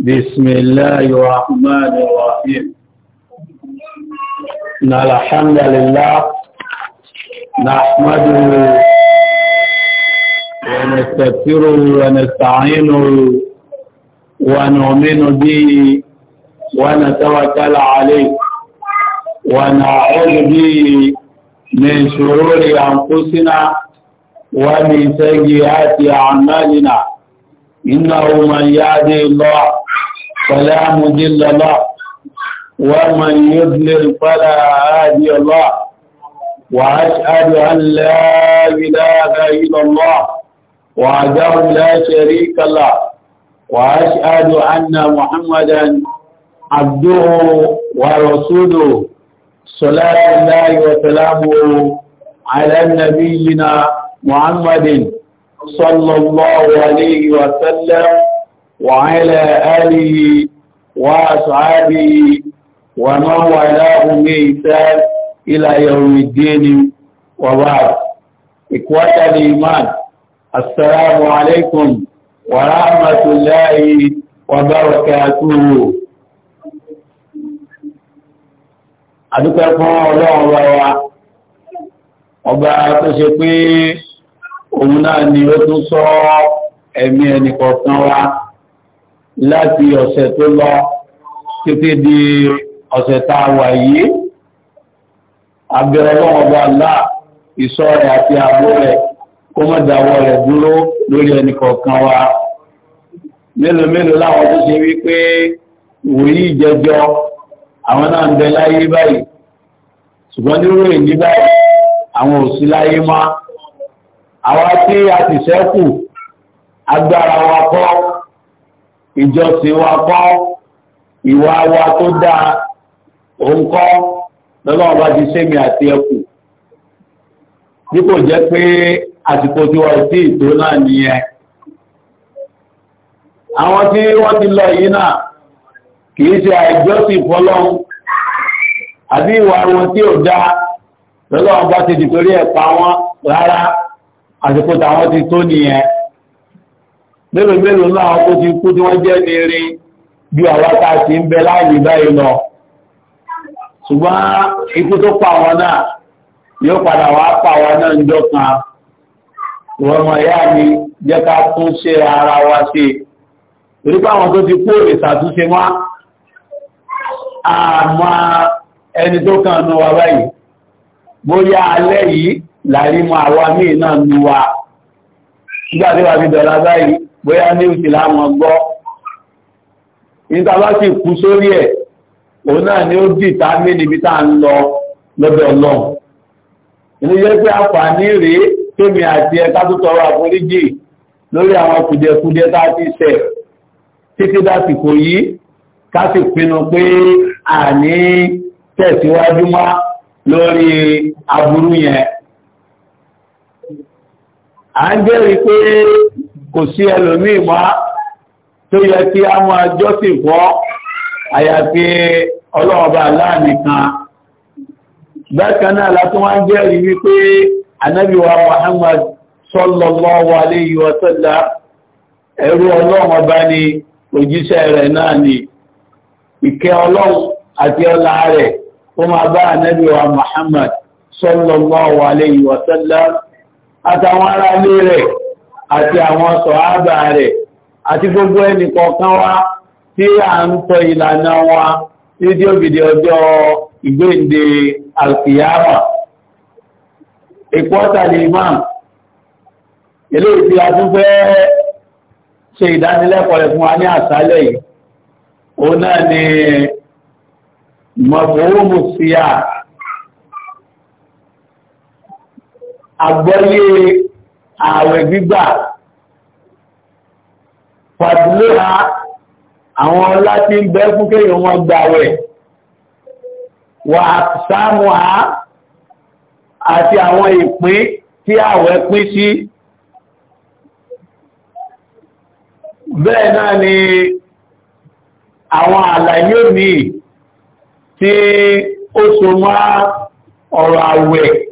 بسم الله الرحمن الرحيم إن الحمد لله نحمده ونستغفره ونستعينه ونؤمن به ونتوكل عليه ونعوذ به من شرور أنفسنا ومن سيئات أعمالنا إنه من يهدي الله فلا مضل له ومن يضلل فلا هادي الله وأشهد أن لا إله إلا الله وحده لا شريك له وأشهد أن محمدا عبده ورسوله صلاة الله وسلامه على نبينا محمد صلى الله عليه وسلم وعلى آله وأصحابه ومن والاه بإحسان إلى يوم الدين وبعد إخوة الإيمان السلام عليكم ورحمة الله وبركاته àdúpẹ́ fún ọlọ́run wa wa ọba tó ṣe pé òun náà ni ó tún sọ ẹ̀mí ẹnìkọ̀ọ̀kan wa láti ọ̀sẹ̀ tó lọ títí di ọ̀sẹ̀ tá a wà yìí abẹ́rẹ́ ọlọ́run ọba ńlá ìṣọ́ rẹ̀ àti ààbò rẹ̀ kó má dáwọ́ rẹ̀ dúró lórí ẹnìkọ̀ọ̀kan wa mélòó mélòó láwọn tó ṣe wípé ìwòyí ìjẹjọ́ àwọn náà ń bẹ láyé báyìí ṣùgbọ́n nírò èyí báyìí àwọn ò sí láyé mọ́ àwa tí a ti ṣẹ́kù agbára wa kọ́ ìjọsìn wa kọ́ ìwà wa tó dáa òun kọ́ lọ́lọ́wọ́ bá ti ṣẹ́mi àti ẹkù bí kò jẹ́ pé àsìkò tí wọ́n ti ìtò náà nìyẹn àwọn tí wọ́n ti lọ yìí náà kìí ṣe àìjọ́sìn fọlọ́run àbí ìwà wọn tí ò dáa lọ́dọ̀ wọn bá ti dìtorí ẹ̀ pa wọn rárá àsìkò táwọn ti tó nìyẹn mélòó mélòó náà àwọn tó ti kú tí wọ́n jẹ́ ní rí bí àwa tá a ti ń bẹ láàyè báyìí lọ ṣùgbọ́n ikú tó pa wọn náà yóò padà wá pa wọn náà ń jọ kan ìwọ ọmọ ìyá mi jẹ́ ká tún ṣe ara wa ṣe torí pé àwọn tó ti kú òrìṣà tún ṣe wá àmọ́ ẹni tó kàn ní wa báyìí bóyá alẹ́ yìí láàrin mọ́ àwa míì náà ní wa nígbàtí wà fi dọ̀lá báyìí bóyá ní ìsì láwọn gbọ́ nígbàtí sì kú sórí ẹ̀ òun náà ni ó dìtà mí níbi tá à ń lọ lọ́dọ̀ ọlọ́run ilé jẹ́ pé àǹfààní rèé tèmi àti lórí àwọn kùdẹ̀kùdẹ̀ tá a ti ṣẹ̀ títí dásìkò yìí ká sì pinnu pé àní tẹ̀síwájú mọ́ lórí aburú yẹn a ń jẹ́rìí pé kò sí ẹlòmíì mọ́ tó yẹ kí a máa jọ́sìn fọ́ àyàfi ọlọ́ọ̀bà láàmìkan bákan náà látún wá ń jẹ́rìí wípé ànábì wa Muhammad sallallahu alayhi wa sallam ẹrú ni òjíṣẹ́ rẹ̀ náà ni ìkẹ́ ọlọ́run àti ọlá rẹ̀ ó máa bá ànábì wa Muhammad sallallahu alayhi wa sallam àtàwọn ará ilé rẹ̀ àti àwọn sọ̀hábà rẹ̀ àti gbogbo ẹnì kọ̀ọ̀kan wa tí a ń tọ ìlànà wa títí òbìdí ọjọ́ ìgbéǹde alkiyama ìpọ́tàlì imam eléyìí tí a tún fẹ́ ṣe ìdánilẹ́kọ̀ọ́ rẹ̀ fún wa ní àṣálẹ́ yìí ona ni mọ̀fòwòmù síyà àgbọ́lé ààwẹ̀ gbígbà pàtìlóra àwọn ọlá tí ń bẹ fún kéèyàn wọn gbàwẹ̀ wà sáàmù á àti àwọn ìpín tí àwẹ̀ pín sí bẹ́ẹ̀ náà ni àwọn àlàyé mi tí ó so mọ́ ọ̀rọ̀ àwẹ̀